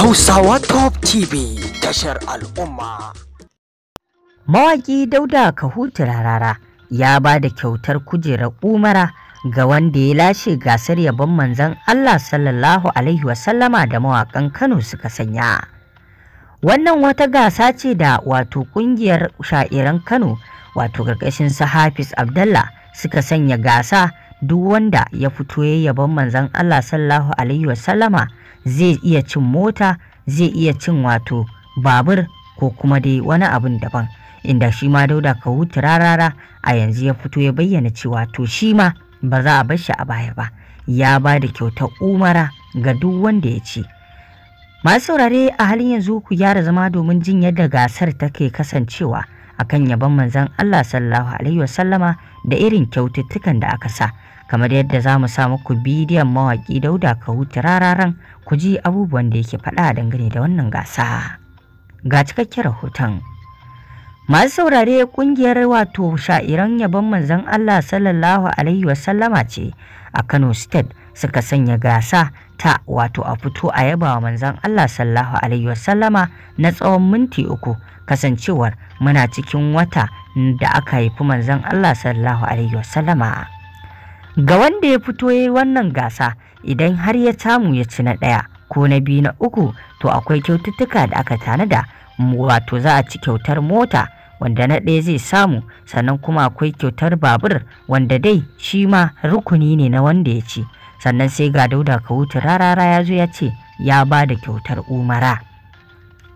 Hausawa Top TV tashar al'umma. Mawaƙi Dauda Kahutu Rarara ya ba da kyautar kujerar umara ga wanda ya lashe gasar yabon manzon Allah sallallahu Alaihi wasallama da mawaƙan Kano suka sanya. Wannan wata gasa ce da wato ƙungiyar sha'iran Kano wato ƙarƙashin su Hafiz Abdallah suka sanya gasa duk wanda ya fito ya yabon manzan Allah sallallahu Alaihi wasallama zai iya cin mota zai iya cin wato babur ko kuma dai wani abun daban inda shi ma dauda ka hutu rarara a yanzu ya fito ya bayyana cewa to shi ma ba za a bar shi a baya ba ya ba da kyautar umara ga duk wanda ya ce masu saurare a halin yanzu ku gyara zama domin jin yadda gasar take kasancewa akan yabon manzon Allah sallallahu alaihi wasallama da irin kyaututtukan da aka sa kamar yadda za mu sa muku bidiyon mawaƙi dauda ka huta rararan ku ji abubuwan da yake faɗa dangane da wannan gasa ga cikakken rahoton masu saurare kungiyar wato sha'iran yabon manzon Allah sallallahu alaihi wasallama ce a Kano state suka sanya gasa ta wato a fito a yaba wa manzon Allah sallallahu alaihi wasallama na tsawon minti uku kasancewar muna cikin wata da aka haifi manzon Allah sallallahu alaihi wasallama ga wanda ya fito ya yi wannan gasa idan har ya samu ya ci na ɗaya ko na biyu na uku to akwai kyaututtuka da aka tanada wato za a ci kyautar mota wanda na ɗaya zai samu sannan kuma akwai kyautar babur wanda dai shi ma rukuni ne na wanda ya ci sannan sai ga dauda wuce rarara ya zo ya ce ya ba da kyautar umara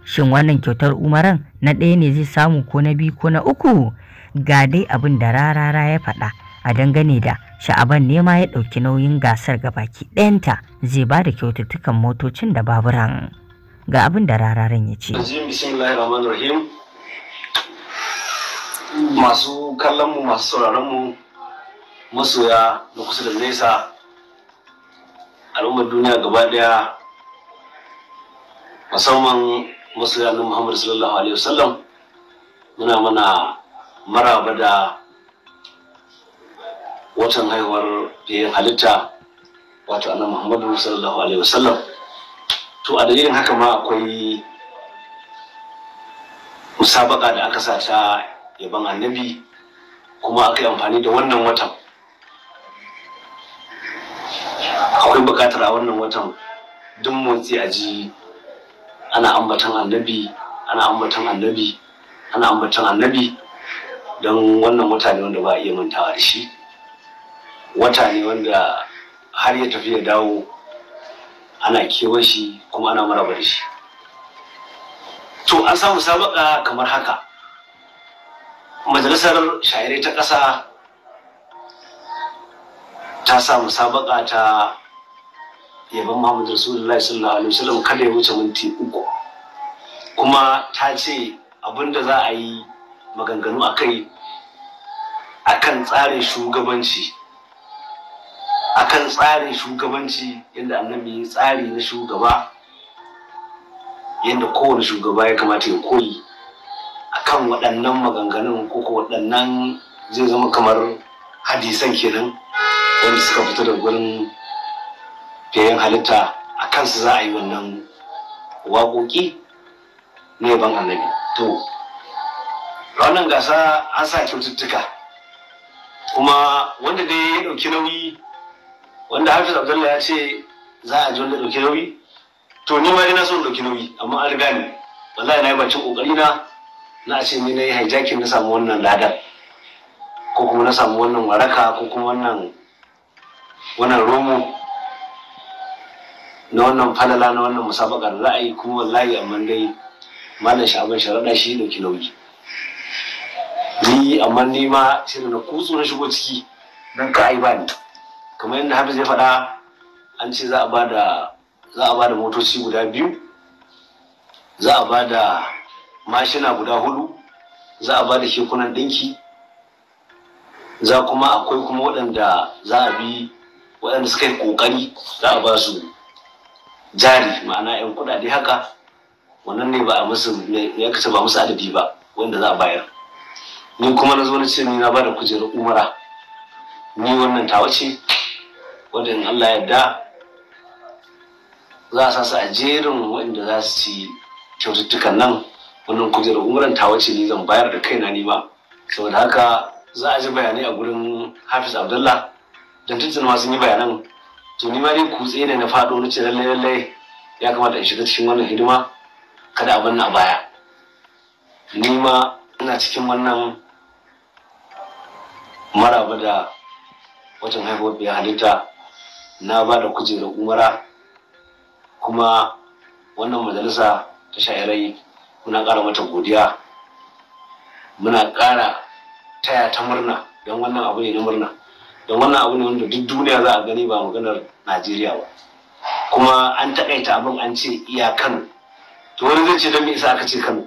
shin wannan kyautar umaran na ɗaya ne zai samu ko na biyu ko na uku ga dai abin da rarara ya faɗa a dangane da sha'aban ne ma ya ɗauki nauyin gasar ga baki ɗayanta zai ba da kyaututtukan motocin da baburan ga abin da rararen ya ce masu kallonmu masu sauraronmu masoya da kusa da nesa al'ummar duniya gaba daya musamman masoya na muhammadu sallallahu alaihi wasallam muna mana maraba da watan haihuwar fiye halitta wato annabi muhammadu sallallahu alaihi wasallam to a dalilin haka ma akwai musabaka da aka sa ta yaban annabi kuma aka yi amfani da wannan watan akwai bukatar a wannan watan duk motsi a ji ana ambatan annabi ana ambatan annabi ana ambatan annabi don wannan mutane wanda ba a iya mantawa da shi wata ne wanda har ya tafi ya dawo ana kewa shi kuma ana maraba da shi to an samu sabaka kamar haka majalisar shayarai ta ƙasa ta samu sabaka ta yaban muhammadu rasulullahi sallallahu alaihi wasallam kada ya wuce minti uku kuma ta ce abinda za a yi maganganu a kai akan tsarin shugabanci akan tsarin shugabanci yadda annabi ya tsari na shugaba yadda kowane shugaba ya kamata ya koyi akan waɗannan maganganun ko waɗannan zai zama kamar hadisan kenan wanda suka fita da gurin fiyayen halitta a kansu za a yi wannan waƙoƙi na yaban annabi to wannan gasa an sa kyaututtuka kuma wanda dai ya ɗauki nauyi wanda hafiz abdullahi ya ce za a ji wanda ɗauki nauyi to ni ma ina son ɗauki nauyi amma an riga ni wallahi na yi bacin ƙoƙari na na ce ni na yi hijacking na samu wannan ladar ko kuma na samu wannan waraka ko kuma wannan wannan romo na wannan falala na wannan musabakar ra'ayi kuma wallahi amma dai malam sha'aban sharaɗa shi ɗauki nauyi ni amma ni ma sai na kutsu na shigo ciki don ka ai ba ni kamar yadda hafiz ya faɗa an ce za a ba da za a ba da motoci guda biyu za a ba da mashina guda hudu za a ba da kekunan ɗinki za kuma akwai kuma waɗanda za a bi waɗanda suka yi ƙoƙari za a ba su jari ma'ana 'yan kuɗaɗe haka wannan ne ba a musu ya kace ba musu adadi ba wanda za a bayar ni kuma na zo na ce ni na ba da kujerar umara ni wannan tawa ce wadda Allah ya da za a sa a jerin wanda za su ci kyaututtukan nan wannan kujerar umaran ta wace ni zan bayar da kai na nima. saboda haka za a ji bayanai a gurin hafiz abdullah don tuntun sun yi bayanan to ni ma dai kutse ne na faɗo na ce lallai lallai ya kamata in shiga cikin wannan hidima kada a banna baya Nima ma ina cikin wannan maraba da wajen haihuwar biya halitta na ba da kujerar umara kuma wannan majalisa ta shayarai muna ƙara mata godiya muna ƙara taya ta murna don wannan abu ne na murna don wannan abu ne wanda duk duniya za a gani ba maganar najeriya ba kuma an takaita abin an ce iya kano to wani zai ce don me isa aka ce kano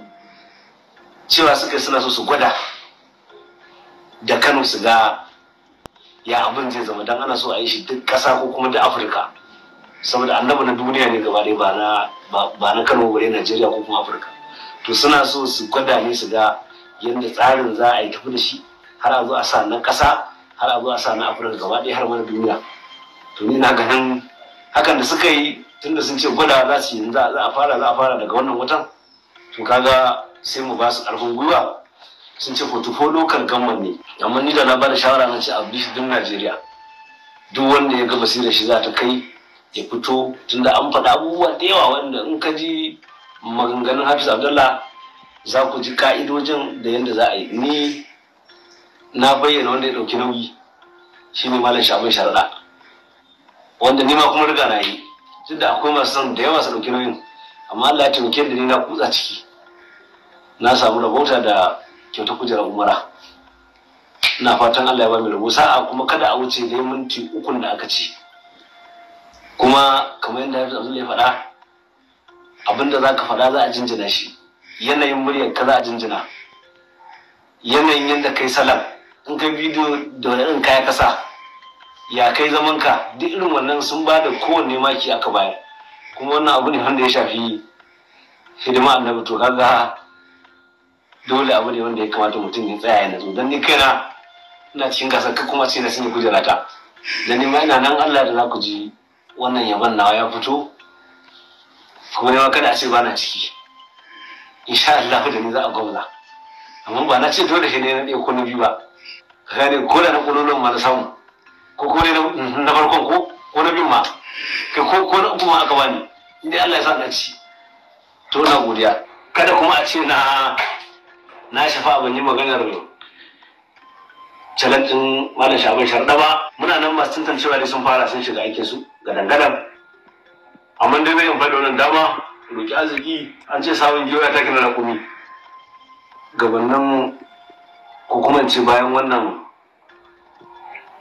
cewa suka suna so su gwada da kano su ga ya abin zai zama dan ana so a yi shi duk ƙasa ko kuma da afirka saboda annabi na duniya ne gaba ba na ba na kano bare najeriya ko kuma afirka to suna so su gwada ne su ga yadda tsarin za a yi tafi da shi har a zo a sa na ƙasa har a zo a sa na afirka gaba ɗaya har ma duniya to ni na ganin hakan da suka yi tunda sun ce gwada za su yi za a fara za a fara daga wannan watan to kaga sai mu ba su ƙarfin gwiwa sun ce tufo local gamman ne amma ni da na bada shawara na ce a bi duk najeriya duk wanda ya ga basirar shi za ta kai ya fito tunda an faɗa abubuwa da yawa wanda in ka ji maganganun hafiz abdullah za ku ji ka'idojin da yadda za a yi ni na bayyana wanda ya ɗauki nauyi shine malam shafin sharaɗa wanda ni ma kuma riga na yi duk da akwai masu son da yawa su ɗauki nauyin amma Allah ya taimake da ni na kutsa ciki na samu rahoton da kyautar kujera umara na fatan Allah ya ba mu sa'a kuma kada a wuce dai minti ukun da aka ce kuma kamar yadda Abdul ya faɗa abinda zaka faɗa za a jinjina shi yanayin muryar ka za a jinjina yanayin yadda kai salam in kai bidiyo da wani irin kaya kasa ya kai zaman ka duk irin wannan sun ba da kowanne maki aka bayar kuma wannan abu ne wanda ya shafi hidima annabi to kaga dole abu ne wanda ya kamata mutum ya tsaya ya nazo don ni kaina ina cikin gasar ka kuma sai na sanya kujera ta dan ni ma ina nan Allah da za ku ji wannan yaban nawa ya fito kuma ne kada a ce ba na ciki insha Allah da ni za a gwamna amma ba na ce dole shi ne na ɗaya ko na biyu ba gane ko da na ƙololon ma na samu ko ko ne na farkon ko ko na biyun ma ka ko ko na uku ma aka bani inda Allah ya sa na ci to na godiya kada kuma a ce na na shafa ban yi maganar challenge din malam shaban sharda ba muna nan masu tantancewa ne sun fara sun shiga aikin su ga dangadan amma dai bai faɗi wannan dama roƙi arziki an ce sabon giyo ta taƙi na raƙumi. gabanin ko kuma bayan wannan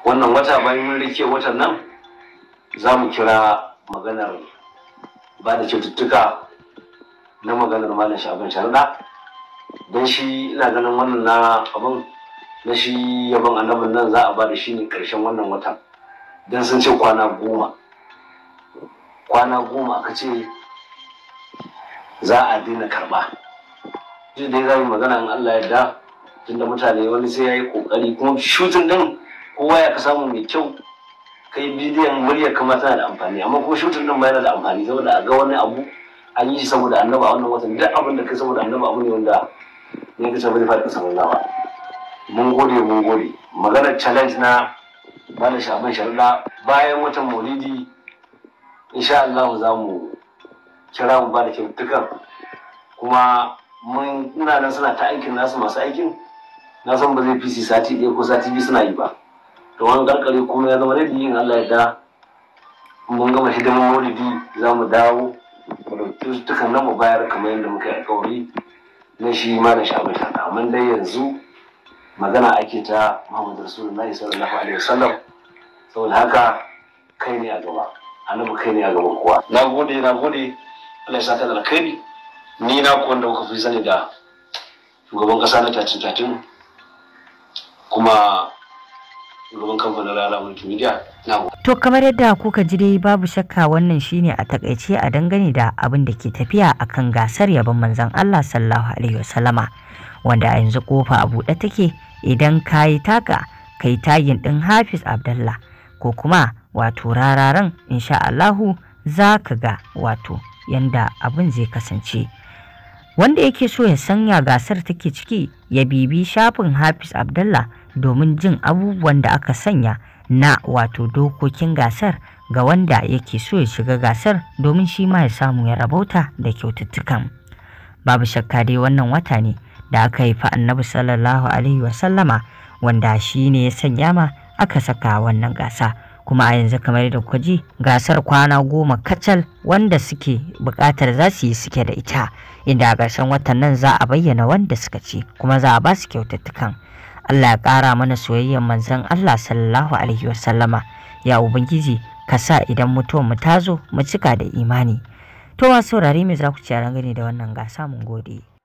wannan wata bayan mun rike watan nan za mu kira maganar ba da cututtuka na maganar malam shaban sharda don shi ina ganin wannan na abin na shi yaban annabin nan za a ba da shi ne karshen wannan watan don sun ce kwana goma kwana goma aka ce za a daina karba shi dai za magana in Allah ya da tunda mutane wani sai ya yi kokari kuma shutin din kowa ya ka samu mai kyau kai bidiyon murya kama tana da amfani amma ko shutin din ba yana da amfani saboda a ga wani abu an yi shi saboda annaba a wannan watan duk abin da kai saboda annaba abu ne wanda ne ka saboda faɗi samun lawa mun gode mun gode maganar challenge na bani sha'aban shari'a bayan watan maulidi insha Allah za mu kira mu ba da kyautukan kuma mun ina nan suna ta aikin nasu masu aikin na san ba zai fi sati ɗaya ko sati biyu suna yi ba to wani karkare kuma ya zama da yin Allah ya da mun gama hidimar maulidi za mu dawo mu ɗauki dukkan nan mu bayar kamar yadda muka yi alkawari na shi ma da shafi kaka amma dai yanzu magana ake ta Muhammadu Rasulullahi sallallahu alaihi wasallam saboda haka kai ne a gaba annabi kai ne a gaban kowa na gode na gode Allah ya sa saka kai alkhairi ni na ku wanda kuka fi sani da shugaban kasa na tacin tatin kuma shugaban kamfanin rana multimedia na To kamar yadda kuka ji dai babu shakka wannan shine a takaice a dangane da abin da ke tafiya a kan gasar yabon manzon Allah sallallahu alaihi wasallama wanda a yanzu kofa a buɗe take idan kayi taka kai tagin ɗin Hafiz abdullah ko kuma wato rararan insha Allahu za ka ga wato yanda abin zai kasance. Wanda yake so ya sanya gasar take ciki ya bibi shafin Hafiz abdullah domin jin abubuwan da aka sanya na wato dokokin gasar ga wanda yake so ya shiga gasar domin shi ma ya samu ya rabauta da kyaututtukan babu shakka dai wannan wata ne da aka haifa annabi sallallahu alaihi wasallama wanda shi ne ya sanya ma aka saka wannan gasa kuma a yanzu kamar da kuka ji gasar kwana goma kacal wanda suke buƙatar za su yi suke da ita inda a ƙarshen watan nan za a bayyana wanda suka ce kuma za a ba su kyaututtukan Allah ya ƙara mana soyayyar manzon Allah sallallahu alaihi wasallama ya ubangiji ka sa idan mutum mu tazo mu cika da imani to wa saurare me za ku ci a da wannan gasa mun gode